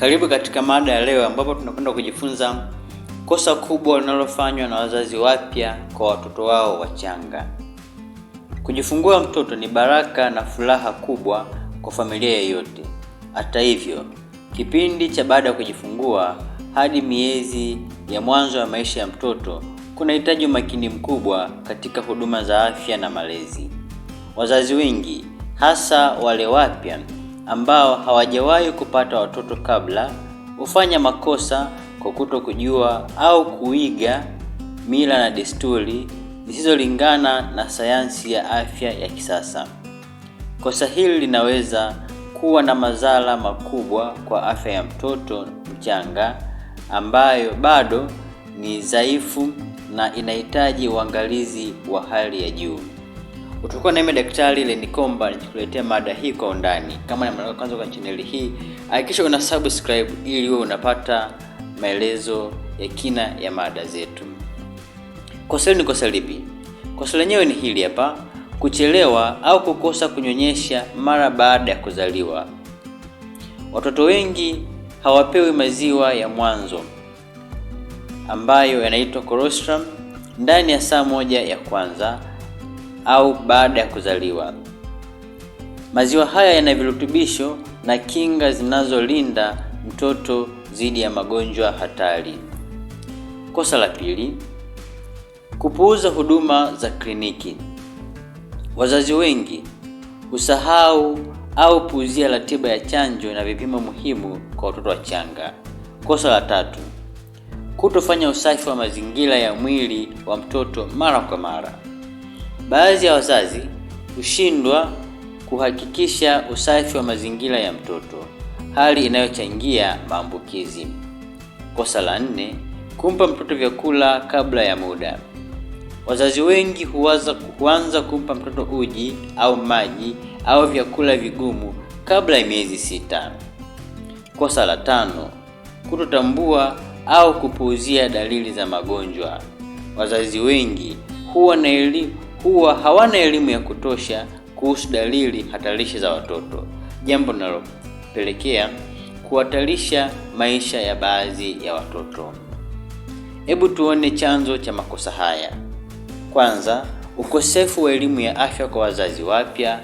Karibu katika mada ya leo ambapo tunakwenda kujifunza kosa kubwa linalofanywa na wazazi wapya kwa watoto wao wachanga. Kujifungua mtoto ni baraka na furaha kubwa kwa familia yeyote. Hata hivyo, kipindi cha baada ya kujifungua hadi miezi ya mwanzo ya maisha ya mtoto kunahitaji umakini mkubwa katika huduma za afya na malezi. Wazazi wengi hasa wale wapya ambao hawajawahi kupata watoto kabla hufanya makosa kwa kuto kujua au kuiga mila na desturi zisizolingana na sayansi ya afya ya kisasa. Kosa hili linaweza kuwa na madhara makubwa kwa afya ya mtoto mchanga ambayo bado ni dhaifu na inahitaji uangalizi wa hali ya juu. Utakuwa na daktari Lenikomba nikikuletea mada hii kwa undani. Kama ni mara kwanza kwa chaneli hii, hakikisha una subscribe ili uwe unapata maelezo ya kina ya mada zetu. Kosa ni kosa lipi? Kosa lenyewe ni hili hapa, kuchelewa au kukosa kunyonyesha mara baada ya kuzaliwa. Watoto wengi hawapewi maziwa ya mwanzo ambayo yanaitwa colostrum ndani ya saa moja ya kwanza au baada ya kuzaliwa. Maziwa haya yana virutubisho na kinga zinazolinda mtoto dhidi ya magonjwa hatari. Kosa la pili, kupuuza huduma za kliniki. Wazazi wengi husahau au puuzia ratiba ya chanjo na vipimo muhimu kwa watoto wachanga. Kosa la tatu, kutofanya usafi wa mazingira ya mwili wa mtoto mara kwa mara. Baadhi ya wazazi hushindwa kuhakikisha usafi wa mazingira ya mtoto, hali inayochangia maambukizi. Kosa la nne, kumpa mtoto vyakula kabla ya muda. Wazazi wengi huwaza kuanza kumpa mtoto uji au maji au vyakula vigumu kabla ya miezi sita. Kosa la tano, kutotambua au kupuuzia dalili za magonjwa. Wazazi wengi huwa na elimu kuwa hawana elimu ya kutosha kuhusu dalili hatarishi za watoto, jambo linalopelekea kuhatarisha maisha ya baadhi ya watoto. Hebu tuone chanzo cha makosa haya. Kwanza, ukosefu wa elimu ya afya kwa wazazi wapya,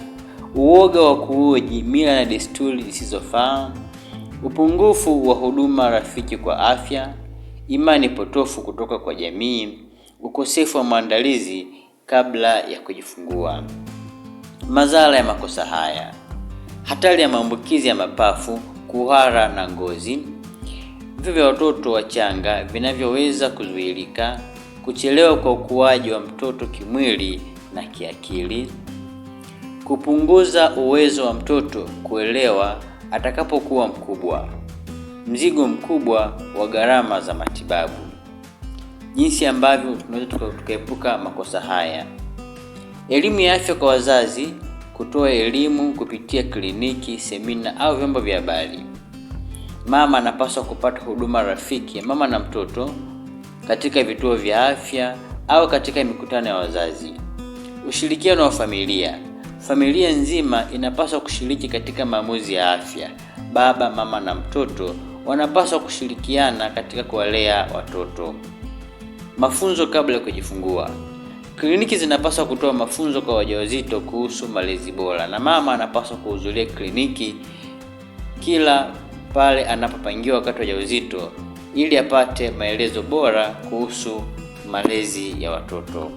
uoga wa kuoji, mila na desturi zisizofaa, upungufu wa huduma rafiki kwa afya, imani potofu kutoka kwa jamii, ukosefu wa maandalizi kabla ya kujifungua. Madhara ya makosa haya: hatari ya maambukizi ya mapafu, kuhara na ngozi, vifo vya watoto wachanga vinavyoweza kuzuilika, kuchelewa kwa ukuaji wa mtoto kimwili na kiakili, kupunguza uwezo wa mtoto kuelewa atakapokuwa mkubwa, mzigo mkubwa wa gharama za matibabu jinsi ambavyo tunaweza tukaepuka makosa haya. Elimu ya afya kwa wazazi, kutoa elimu kupitia kliniki, semina au vyombo vya habari. Mama anapaswa kupata huduma rafiki ya mama na mtoto katika vituo vya afya au katika mikutano ya wazazi. Ushirikiano wa familia, familia nzima inapaswa kushiriki katika maamuzi ya afya. Baba, mama na mtoto wanapaswa kushirikiana katika kuwalea watoto. Mafunzo kabla ya kujifungua. Kliniki zinapaswa kutoa mafunzo kwa wajawazito kuhusu malezi bora, na mama anapaswa kuhudhuria kliniki kila pale anapopangiwa wakati wa ujauzito ili apate maelezo bora kuhusu malezi ya watoto.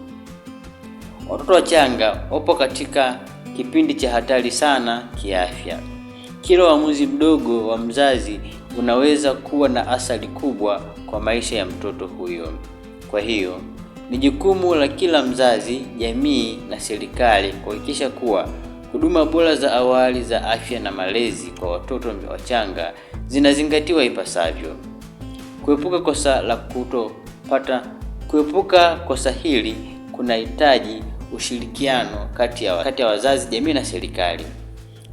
Watoto wachanga wapo katika kipindi cha hatari sana kiafya. Kila uamuzi mdogo wa mzazi unaweza kuwa na athari kubwa kwa maisha ya mtoto huyo. Kwa hiyo ni jukumu la kila mzazi, jamii na serikali kuhakikisha kuwa huduma bora za awali za afya na malezi kwa watoto wachanga zinazingatiwa ipasavyo. Kuepuka kosa la kutopata, kuepuka kosa hili kunahitaji ushirikiano kati ya, kati ya wazazi, jamii na serikali.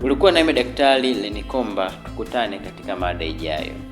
Ulikuwa nami Daktari Lenikomba, tukutane katika mada ijayo.